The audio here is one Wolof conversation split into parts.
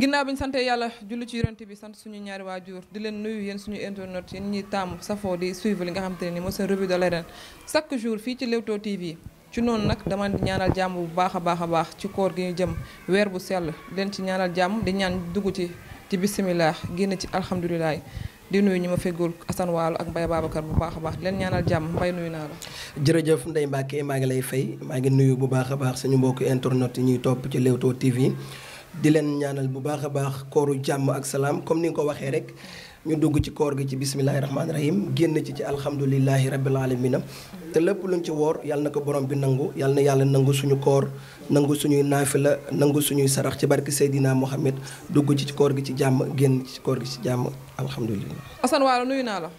ginnaaw bi ñu sante yàlla julli ci yonent bi sant suñu ñaari waajur di leen nuyu yéen suñu internet yéen ñuy taamu safoo di suivre li nga xam te ne ni moo seen revue de l'arène chaque jour fii ci Leewtoo TV ci noonu nag dama di ñaanal jàmm bu baax a baax a baax ci koor gi ñu jëm weer bu sell leen ci ñaanal jàmm di ñaan dugg ci ci bisimilah génn ci alhamdulilah di nuyu ñu ma feggul Assane Waalo ak Mbaye Babacar bu baax a baax di leen ñaanal jàmm Mbaye nuyu naa la. jërëjëf Ndeye Mbacke maa ngi lay fay maa ngi nuyu bu baax a baax suñu mbokk internet yi ñuy topp ci Leewtoo TV. di leen ñaanal bu baax a baax kooru jàmm ak salaam comme ni nga ko waxee rek ñu dugg ci koor gi ci bisimilahi rahmaani rahim génn ci ci alhamdulilahi rabil alamina te lépp luñ ci woor yàlla na ko borom bi nangu yàlla na yàlla nangu suñu koor nangu suñuy naafila nangu suñuy sarax ci barki Seydina Mohamed dugg ci ci koor gi ci jàmm génn ci koor gi ci jàmm alhamdulilah. Assane Waalo nuyu naa la.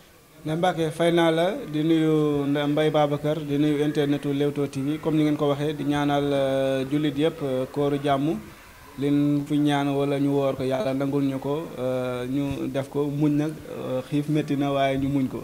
ne Mbacke fay naa la di nuyu mbay Babacar di nuyu internetu comme ni ngeen ko waxee di ñaanal euh, jullit yëpp euh, kooru jàmm. leen fi ñaan wala ñu woor ko yàlla nangul ñu ko euh, ñu def ko muñ nag euh, xiif métti na waaye ñu muñ ko.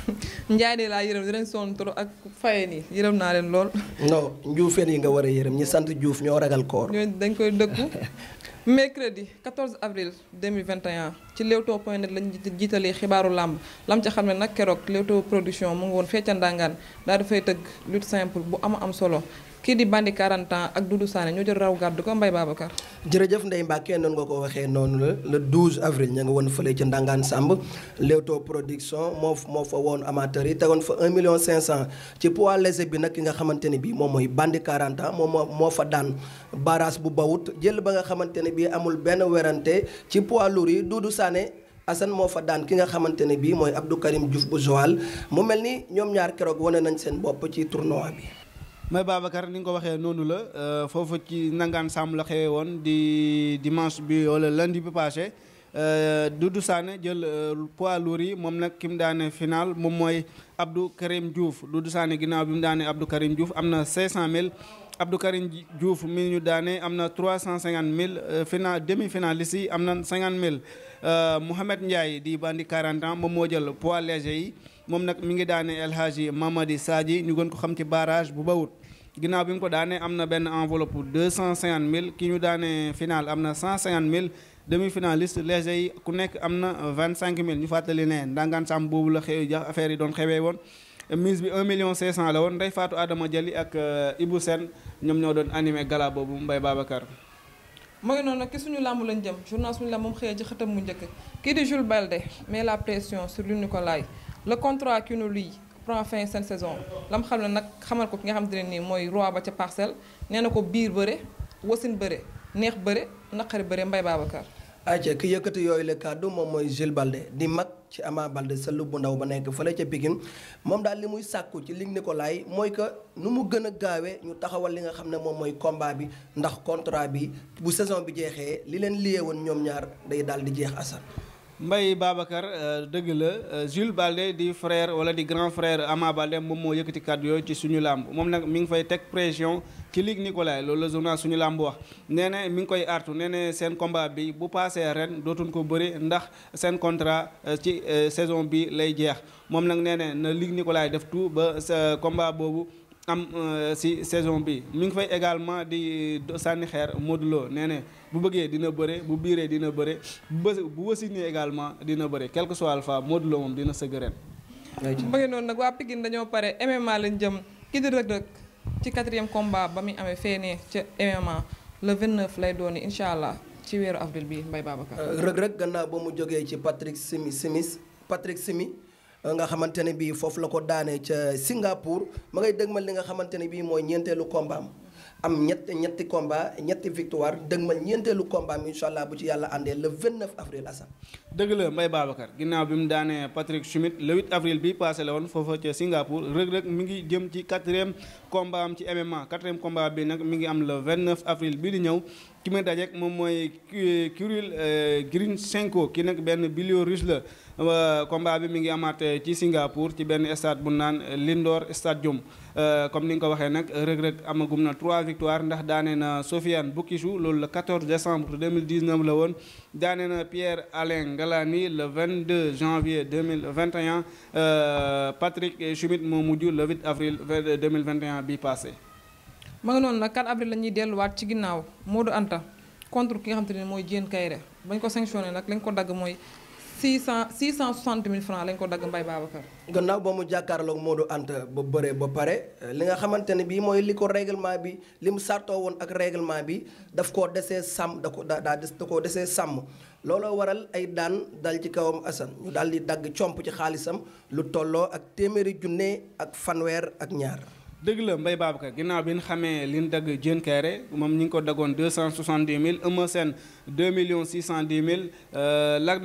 Ndiaye laa yërëm dinañ sonn trop ak fayen ni yërëm naa leen lool. non njuufeen yi nga war a yërëm ñi sant Diouf ñoo ragal koor. ñooñu dañ koy dëggu. mercredi 14 avril 2021 ci Leewtoo point net lañ jiitalee xibaaru làmb lam ca xam ne nag keroog Leewtoo production mu ngi woon fecca ndàngaan daal dafay tëgg lutte simple bu am am solo kii di Bandi 40 ak Doudou Sané ñoo jël raw gàddu ko Mbaye Babacar. jërëjëf Ndeye Mbacke noonu nga ko waxee noonu la le 12 avril ña nga woon fële ca Ndangaan Samb Leewtoo production moo moo fa woon amateur yi tegoon fa 1 million 500 ci poids léger bi nag ki nga xamante ne bii moom mooy Bandi 40 ans moom moo fa daan barrage bu bawut jël ba nga xamante ne bii amul benn werante ci poids lourd yi Doudou Sané. Assane moo fa daan ki nga xamante ne bii mooy Abdou Karim Diouf bu Joal mu mel ni ñoom ñaar keroog wane nañ seen bopp ci tournoi bi. may Babacar ni nga ko waxee noonu la euh, foofu ci nangaan sàmm la xewee woon di dimanche bi wala lundi bi passé euh, Doudou Sané jël euh, poids lourd yi moom nag ki mu daane final moom mooy Abdou Karim Diouf Doudou Sané ginnaaw bi mu daane Abdou Karim Diouf am na 500000 Abdou Karim Diouf mi ñu daane am na 350000 final demi finaliste yi am na 50000 Mouhamed Ndiaye di bandi 40 ans moom moo jël poids léger yi. moom nag mi ngi daane El Hadji Mamadi Sadji ñu gën ko xam ci barrage bu bawut ginnaaw bi mu ko daanee am na benn enveloppe deux cent cinquante mille ki ñu daanee final am na cent cinquante mille demi finaliste léger ku nekk am na vingt cinq mille ñu fàttali ne ndangaan sàmm boobu la xew ja affaire yi doon xewee woon mise bi un million cinq cent la woon Ndeye Fatou Adama Jali ak euh, Ibou Sène ñoom ñoo doon animé gala boobu mbay Babacar moo ngi noonu nag ki suñu làmb lañ jëm journal suñu làmb moom xëyee ci xëtam mu njëkk kii di Jules la pression sur Luc Nicolaï le contrat ki nous lie prend fin seen saison lam xam ne nag xamal ko ki nga xam ne nii mooy roi ba ca parcelle nee na ko biir bëre wasin bëre neex bëre naqari bëre Mbaye Babacar. ayca ki yëkkati yooyu la kàddu moom mooy Jules Balde di mag ci amaa Balde sa lubbu ndaw ba nekk fële ca Pikine moom daal li muy sàkku ci ko laay mooy que nu mu gën a gaawee ñu taxawal li nga xam ne moom mooy combat bi ndax contrat bi bu saison bi jeexee li leen liyee woon ñoom ñaar day daal di jeex Assane. mbay Babacar euh, dëgg la euh, Jules Balde di frère wala di grand frère Ama Balde moom moo yëkkati kàddu yooyu ci suñu làmb moom nag mi ngi fay teg pression ci Ligue Nicolas loolu la journal suñu làmb wax nee na mi ngi koy artu nee na seen combat bi bu passé ren dootuñ ko bëri ndax seen contrat euh, ci saison bi lay jeex moom nag nee na na Ligue Nicolas def tout ba sa combat boobu am euh, si saison bi mi ngi fay également di sànni xeer Modou Lo nee ne bu bëggee dina bëre bu biiree dina bëre bu bu wasinee également dina bëre quel que soit alpha Modou Lo moom dina sëgg ren. ba noonu nag waa Pikine dañoo pare MMA lañ jëm ki di Reug ci quatrième combat ba muy amee feenee ca MMA le 29 lay dooni incha allah ci weeru avril bi mbay Babacar. Euh, Reug Reug gannaaw ba mu jógee ci Patrick Simi Simis Patrick Simi. nga xamante ne bii foofu la ko daanee ca Singapour ma ngay dëgmal li nga xamante ne bii mooy ñeenteelu combat am ñett ñetti combat ñetti victoire dëgmal ñeenteelu combat am incha allah bu ci yàlla àndee le 29 avril Assane dëgg la Mbaye Babacar ginnaaw bi mu daanee Patrick Schmidt le 8 avril bi passé la woon foofa ca Singapour rëg-rëg mi ngi jëm ci quatrième combat am ci MMA quatrième combat bi nag mi ngi am le 29 avril bi di ñëw ki ma dajeek moom mooy Kirill euh, Grichenko ki nag benn biélorusse la euh, combat bi mi ngi amaat ci Singapour ci benn stade bu naan Lindor Stadium euh, comme ni nga ko waxee nag rëg-rëg amagum na 3 victoires ndax daane na Sofiane Boukissou loolu le 14 décembre 2019 la woon daanee na Pierre Galani le 22 janvier 2021 euh, Patrick Chumit moo mujj le 8 avril 2021 bi passé. ma ngi noonu nag 4 la ñuy delluwaat ci ginnaaw Modou Anta contre ki nga xam ne mooy Diène Kairé bañ ko sanctionné nag lañ ko dagg mooy. 600 660 000 francs lañ ko dagg Mbaye Babacar. gannaaw ba mu jàkkaarloog Modou Anta ba bëree ba pare li nga xamante ne bii mooy li ko réglement bi li mu sartoo woon ak réglement bi daf koo desee sàmm da ko daa daa des da koo desee sàmm looloo waral ay daan dal ci kawam Assane ñu daal di dagg comp ci xaalisam lu tolloo ak téeméeri junné ak fanweer ak ñaar. dëgg la Mbaye Babacar ginnaaw bi ñu xamee li ñu dagg Diène Kairé moom ñu ngi ko daggoon deux cent soixante dix mille Eumeu Sène six cent dix mille euh, Lac euh,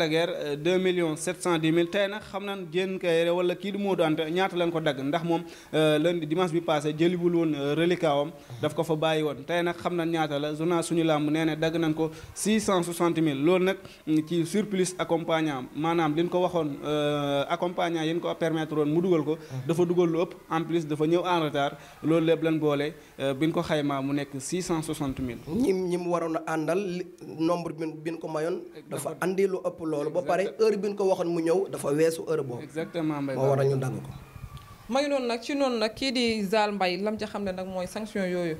nag xam na Diène Kairé wala kii di Modou Anta ñaata lañ ko dagg ndax moom euh, lundi dimanche bi passé jëliwul woon reliquat am daf ko fa bàyyi woon tey nag xam na ñaata la journal suñu làmb nee ne dagg nañ ko six cent soixante mille loolu nag mm, ci surplus accompagnant maanaam li ñu ko waxoon accompagnant yi ñu ko permettre woon mu dugal ko mmh. loolu lépp lan boole euh, bi ñu ko xaymaa mu nekk six cent soixante mille. ñi ñi mu waroon a àndal nombre bi bi ko mayoon. dafa andi lu ëpp loolu. ba pare heure bi ñu ko waxoon mu ñëw dafa weesu heure boobu. exactement Mbaye moo waral ñu dagg ko. ma ngi noonu nag ci noonu nag kii di Zal mbay lam ca xam ne nag mooy sanction yooyu.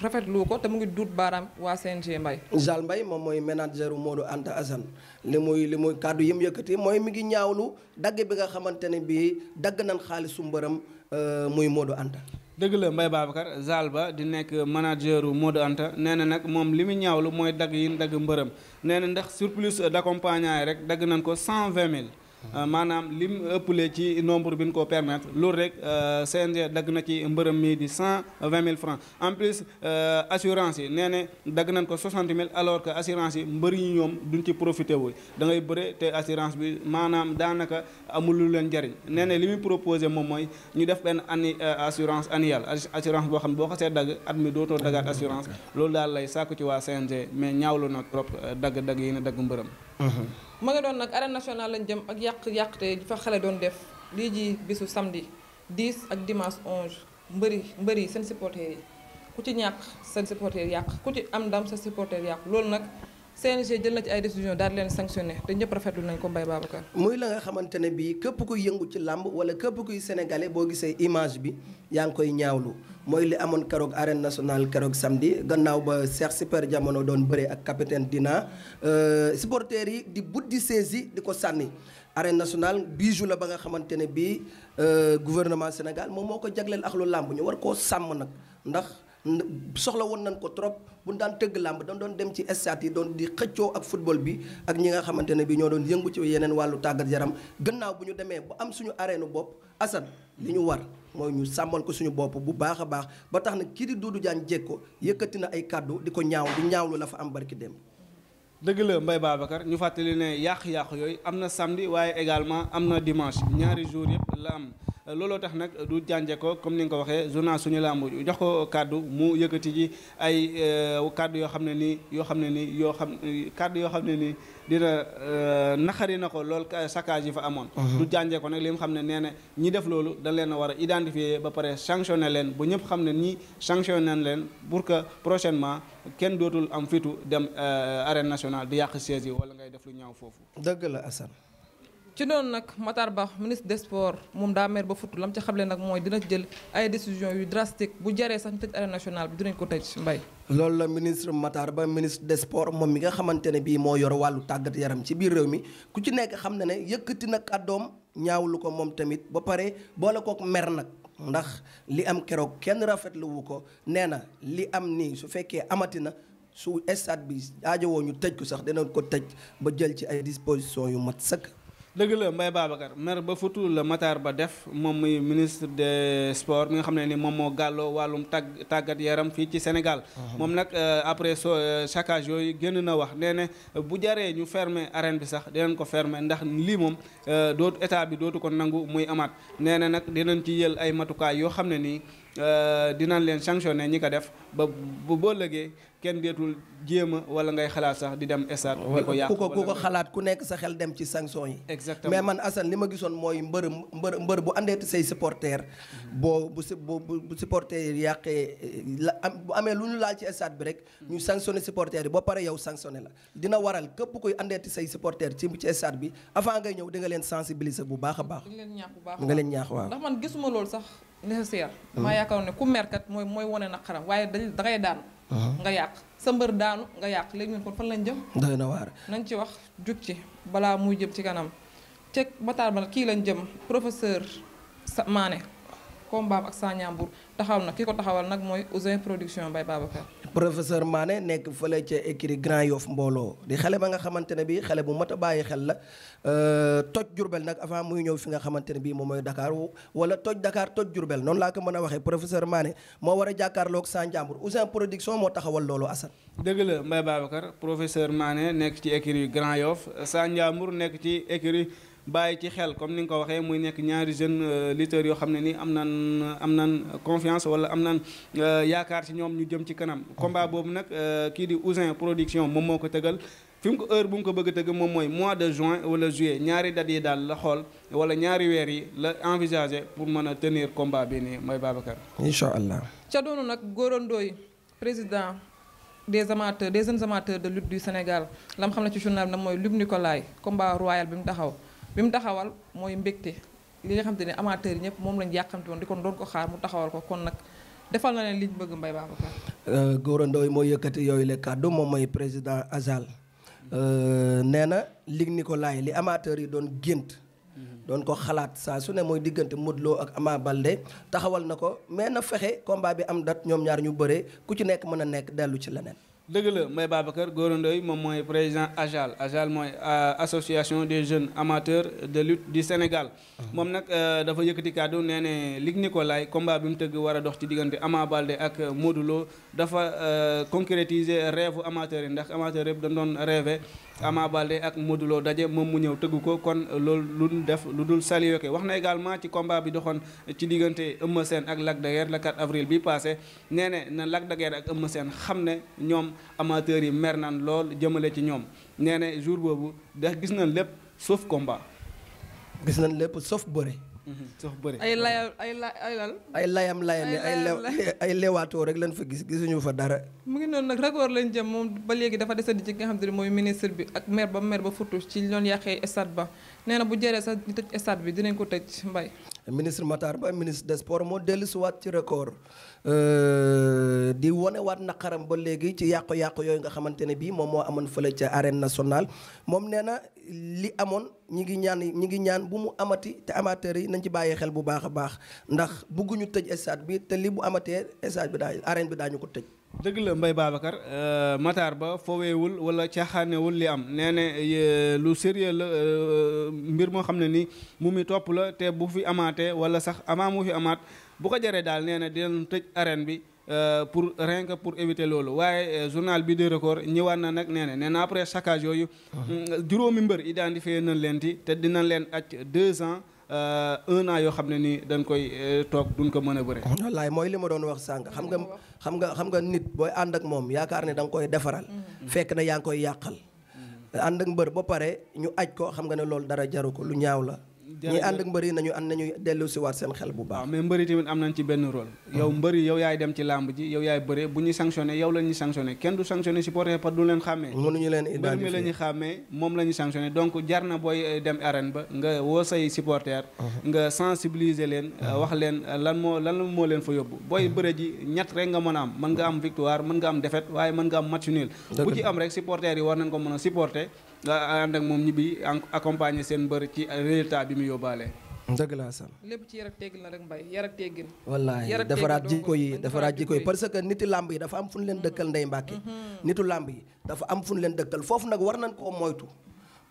rafetlu ko te mu ngi duut baaraam waa CNG mbay Zal mbay moom mooy manager Modou ànd Assane li muy li muy kàddu yëm yëkkati mooy mi ngi ñaawlu dagg bi nga xamante ne bii dagg nañ xaalisu mbërëm euh, muy Modou Anta. dëgg la Mbaye Babacar ba di nekk manageru Modou Anta nee na nag moom li mu ñaawlu mooy dagg yi dagg mbërëm nee na ndax surplus d'accompagnant yi rek dagg nañ ko cent vingt mille Euh, maanaam lim ëppale ci nombre bi nu ko permettre loolu rek euh, CNG dagg na ci mbërëm mii di cent vingt mille francs en plus euh, assurance yi nee ne dagg nañ ko soixante mille alors que assurance yi mbër yi ñoom duñ ci profité wu da ngay bëre te assurance bi maanaam daanaka amul lu leen jariñ nee ne li muy proposé moom mooy ñu def benn anni assurance annuelle assurance boo xam ne boo xasee dagg at mi dootoo dagaat assurance loolu daal lay sàkku ci waa CNG mais ñaawlu na trop dagg-dagg yi mbërëm ma nga doon nag arène national lañ jëm ak yàq yàqte ji fa xale doon def lii ji bisu samedi 10 ak dimanche 11 mbëri mbëri seen supporter yi ku ci ñàkk seen supporter yàq ku ci am ndam sa supporter yàq loolu nag CNG jël na ci ay décision daal di leen sanctionné te ñëpp rafetlu nañ ko Mbaye Babacar. muy la nga xamante ne bii képp kuy yëngu ci làmb wala képp kuy sénégalais boo gisee image bi yaa ngi koy ñaawlu mooy li amoon keroog arène national keroog samedi gannaaw ba Cheikh Super Jamono doon bëree ak capitaine Dina euh, supporters yi di buddi saisi di ko sànni. arène national bijou la ba nga xamante ne bii euh, gouvernement Sénégal moom moo ko jagleel ak lu làmb ñu war koo sàmm nag ndax. soxla woon nañ ko trop bu ñu daan tëgg làmb dañ doon dem ci stade yi doon di xëccoo ak football bi ak ñi nga xamante ne bi ñoo doon yëngu ci yeneen wàllu tàggat yaram gannaaw bu ñu demee bu am suñu arène bopp Assane li ñu war mooy ñu sàmmal ko suñu bopp bu baax a baax ba tax na kii di Doudou Diagne Diecko yëkkati na ay kàddu di ko ñaaw di ñaawlu la fa am barki dem dëgg la Mbaye Babacar ñu fàttali ne yàq yàqu yooyu am na samedi waaye également am na dimanche ñaari jours la am looloo tax nag du jànjee ko comme ni nga ko waxee journal suñu làmb jox ko kàddu mu yëkkati ji ay euh, kàddu yoo xam ne nii yoo xam ne nii yoo xam kàddu yoo xam ne nii dina euh, naxari na ko lool saccage yi fa amoon mhm. du jànjee ko nag li mu xam ne nee na ñi def loolu dañ leen a war a identifier ba pare sanctionné leen bu ñëpp xam ne ñi sanctionné leen pour que prochainement kenn dootul am fitu dem euh, arène national di yàq siège yi wala ngay def lu ñaaw foofu dëgg la Assane ci noonu nag Matar Ba ministre des sports moom daa mer ba futu lam ci xam xamle nag mooy dina jël ay décision yu drastique bu jaree sax ñu tëj arène nationale dinañ ko tëj mbay loolu la ministre Matar Ba ministre des moom mi nga xamante ne bii moo wàllu tàggat yaram ci biir réew mi ku ci nekk xam na ne yëkkati nag àddoom ñaawlu ko moom tamit ba pare boole kook mer nag ndax li am keroog kenn rafetlu wu ko nee na li am ni su fekkee amati na su stade bi aajowoo ñu tëj ko sax dinañ ko tëj ba jël ci ay dispositions yu mat sëkk dëgg la Mbaye Babacar mer ba futul la Matar Ba def moom muy ministre des sports mi nga xam ne ni moom moo gàlloo wàllum tàgg tàggat yaram fii ci Sénégal. Uh-huh. moom nag euh, après so euh, saccage yooyu génn na wax nee ne euh, bu jaree ñu ferme arène bi sax dinañ ko ferme ndax lii moom dootu état bi dootu ko nangu muy amaat nee na nag dinañ ci yël ay matukaay yoo xam ne nii. Euh, dinañ leen sanctionné ñi ko def ba bu boo lëgee kenn deetul jéem a wala ngay xalaat sax di dem stade di ko yàq ko ku ko xalaat ku nekk sa xel dem ci sanction yi exactement mais man Assane li ma gisoon mooy mbër mbër mbër bu àndee say supporter boo bu bu supporter yi yàqee am bu amee lu ñu laal ci stade bi rek ñu sanctionné supporter yi ba pare yow sanctionné la dina waral képp kuy àndeeti say supporter ci ci stade bi avant ngay ñëw di nga leen sensibiliser bu baax a baax nga ñaax bu baax nga leen ñaax waaw ndax man gisuma loolu sax nécessaire ah. maa yaakaar ne ku merket mooy mooy wane na xaram waaye da dangay daan ah. nga yàq sa mbër daanu nga yàq léegi ñun kon fan lañ jëm doy na waar nañ ci wax jug ci balaa muy jëm ci kanam ceeg bataar kii lañ jëm professeur sa maane combat ak Sa Ndiambour taxaw na ki ko taxawal nag mooy Ouzin production Mbaye Babacar professeur Mané nekk fële ca écurie Grand Yoff mbooloo di xale ba nga xamante ne bii xale bu mat a bàyyi xel la euh, toj Jurbel nag avant muy ñëw fi nga xamante ne bii moom mooy Dakar wala toj Dakar toj Jurbel noonu laa ko mën a waxee professeur Mané moo war a jàkkaarloog Sa Ndiambour Ouzin Production moo taxawal loolu Assane. dëgg la Mbaye Babacar professeur Mané nekk ci écurie Grand Yoff Sa Ndiambour nekk ci écurie. bàyyi ci xel comme ni nga ko waxee muy nekk ñaari jeunes euh, lutteurs yoo xam ne ni am naan am naan confiance wala am naan euh, yaakaar ci ñoom ñu jëm ci kanam combat boobu nag euh, kii di Ousin production moom moo ko tëgal fi mu ko heure bu mu ko bëgg a tëgg moom mooy mois de juin wala juillet ñaari date yi daal la xool wala ñaari weer yi la envisager pour mën a tenir combat bi nii mooy Babacar. incha allah. ca doonu nag góorandooy président des amateurs des jeunes amateurs de lutte du Sénégal lam xam ne ci journal bi nag mooy Luc Nicolaï combat royal bi mu taxaw. bi mu taxawal mooy mbégte li nga xam te ne amateur yi ñëpp moom lañ yàqamte woon di kon doon ko xaar mu taxawal ko kon nag defal na leen liñ bëgg Mbaye Babacar. Euh, Gora Ndoye mooy yëkkati yooyu la kàddu moom mooy président Azal euh, nee na lig ni ko laay li amateur yi doon gént. doon ko xalaat saa su ne mooy diggante Modou ak Ama Baldé taxawal na ko mais na fexe combat bi am dat ñoom ñaar ñu bëree ku ci nekk mën a nekk dellu ci leneen. dëgg la Mbaye Babacar kër Ndoye moom mooy président AJAL AJAL mooy euh, association des jeunes amateurs de lutte du Sénégal. Ah. moom nag euh, dafa yëkkati kàddu nee ne Luc Nicolaï combat bi mu tëgg war a dox ci diggante Ama Baldé ak Modou Lo dafa euh, concrétiser rêve amateur yi ndax amateur yëpp dañ doon rêvé. Ama Baldé ak moduloo daje moom mu ñëw tëgg ko kon euh, loolu lu def lu dul saluer wax na également ci combat bi doxoon ci diggante Eumeu seen ak Lac de Guiers le 4 avril bi passé nee ne na Lac de Guiers ak Eumeu seen xam ne ñoom amateurs yi mer nan lool jëmale ci ñoom nee ne jour boobu da gis nañ lépp sauf combat. gis nañ lépp sauf bëre. sox bëri ay layal ay la ay lal. ay layam layam ay ay lewaatoo rek lañ fa gis gisuñu fa dara. mu ngi noonu nag record lañ jëm moom ba léegi dafa desandi ci ki nga xam ne mooy ministre bi ak maire ba maire ba futu ci ñoon yàqee stade ba nee na bu jëree sax ñu tëj bi dinañ ko tëj mbay. ministre Matar Ba ministre des sports moo dellusiwaat ci record euh, di wonewaat naqaram ba léegi ci yàqu-yàqu yooyu nga xamante ne bii moom moo amoon fële ca arène nationale moom nee li amoon ñi ngi ñaan ñi ngi ñaan bu mu amati te amateurs yi nañ ci bàyyi xel bu baax a baax ndax bëgguñu tëj stade bi te li bu amatee stade bi daa arène bi daañu ko tëj. dëgg la Mbaye Babacar euh, Matar Ba fooweewul wala caaxaanewul li am nee ne euh, lu sérieux la euh, mbir moo xam ne ni mu mi topp la te bu fi amaatee wala sax avant mu fi amaat bu ko jaree daal nee na dinañ tëj arène bi. Euh, pour rien que pour éviter loolu waaye euh, journal bi de record ñëwaat na nag nee na nee après saccage yooyu juróomi mbër identifié nañ leen ti te dina leen aj deux ans euh, un an yoo xam ne ni dañ koy toog duñ ko mën a bëre oh, wallaay mooy li ma doon wax sànq xam nga xam nga xam nga nit booy ànd ak moom yaakaar ne da nga koy defaral mm-hmm. fekk na yaa ngi koy yàqal mm-hmm. ànd ak mbër ba pare ñu aj ko xam nga ne loolu dara jaru ko lu ñaaw la ñi ànd ak mbëri nañu ànd nañu dellu si waat seen xel bu baax waaw mais mbëri tamit am nañ ci benn role yow mbëri yow yaay dem ci làmb ji yow yaay bëre bu ñuy sanctionné yow la ñuy sanctionné kenn du sanctionné supporter par du leen xàmmee mënuñu leen identifier mbër mi la xàmmee moom la ñuy sanctionné donc jar na booy eh, dem arène ba nga woo say supporter uh-huh. nga sensibiliser leen uh-huh. wax leen eh, lan moo lan moo leen fa yóbbu booy uh-huh. bëre ji ñett rek nga mën a am mën nga am victoire mën nga am défaite waaye mën am match nul bu am rek supporter yi war nañ ko mën a supporter ànd ak moom ñibbi accompagner seen mbër ci résultat bi mu yóbbaale. dëgg laa sax. lépp ci yar ak teggin la rek mbay yar ak teggin. wallaay defaraat jikko yi defaraat jikko yi parce que niti làmb yi dafa am fu ñu leen dëkkal ndey mbàkki mhm. nitu làmb yi dafa am fu ñu leen dëkkal foofu nag war nañ koo moytu.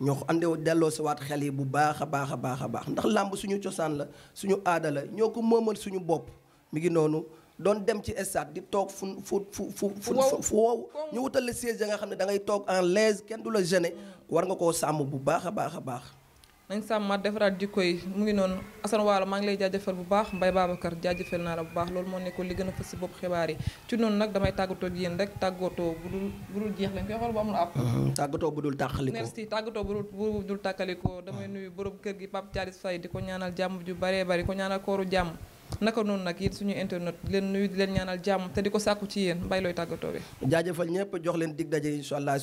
ñoo ande delloo si waat xel yi bu baax a baax a baax a baax ndax làmb suñu cosaan la suñu aada la ñoo ko moomal suñu bopp mi ngi noonu. doon dem ci stade di toog fu fu fu fu fu wow ñu wutal la siège ya nga xam ne da ngay toog en l'aise kenn du la gêner mhm. war nga koo sàmm bu baax a baax a baax. nañ sàmmaat defaraat jikko yi mu ngi noonu Assane Waalo maa ngi lay jaajëfal bu baax Mbaye Babacar jaajëfal naa la bu baax loolu moo nekkoon li gën a fës si bopp xibaar yi ci noonu nag damay tàggatoo yéen rek tàggatoo bu dul bu jeex lañ koy xool ba amul àpp. Mm-hmm. tàggatoo bu dul tàqalikoo si tàggatoo bu dul bu dul tàqalikoo damay mm-hmm. nuyu borom kër gi Pape Thialis Faye di ko ñaanal jàmm ju baree bari ko ñaanal kooru jàmm naka noonu nag yéen suñu internet di leen nuyu leen ñaanal jàmm te di ko sàkku ci yéen mbay looy tàggatoo bi jaajëfal ñëpp jox leen dig daje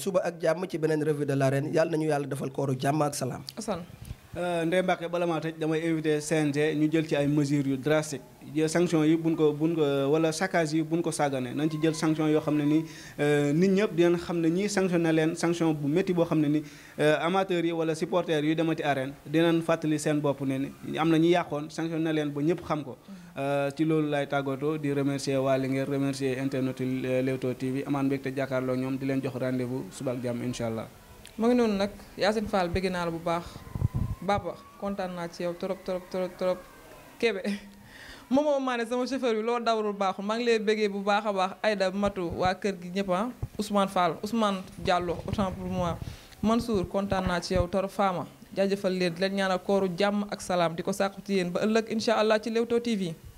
suba ak jàmm ci beneen revue de l'arène yàlla nañu yàlla defal kooru jàmm ak salaam asan Euh, Ndeye Mbacke bala maa damay invité CNG ñu jël ci ay mesures yu drastiques sanction yi buñ ko buñ ko wala saccage yi buñ ko sàggane nañ ci jël sanction yoo xam ne ni euh, nit ñëpp dinañ xam ne ñii sanctionné leen sanction bu métti boo xam ne ni euh, amateur yi wala supporters yu demati arène dinañ fàttali seen bopp ne ni am na ñu yàqoon sanctionné leen ba ñëpp xam ko ci loolu laay tàggatoo di remercier waa Linguère remercier internet Leewtoo TV amaan mbégte jàkkaarloo ñoom di leen jox rendez-vous suba ak allah. baax. Baba kontaan naa ci yow trop trop trop trop Kébé moomoo maa ne sama chauffeur bi loo dawrul baaxul maa ngi lay bëggee bu baax a baax Aïda Matu waa kër gi ñëpp ah Ousmane Fall Ousmane Diallo autant pour moi kontaan naa ci yow trop Fama jaajëfal leen di leen ñaanal kooru jàmm ak salaam di ko sàkku ci yéen ba ëllëg incha allah ci Leewtoo TV.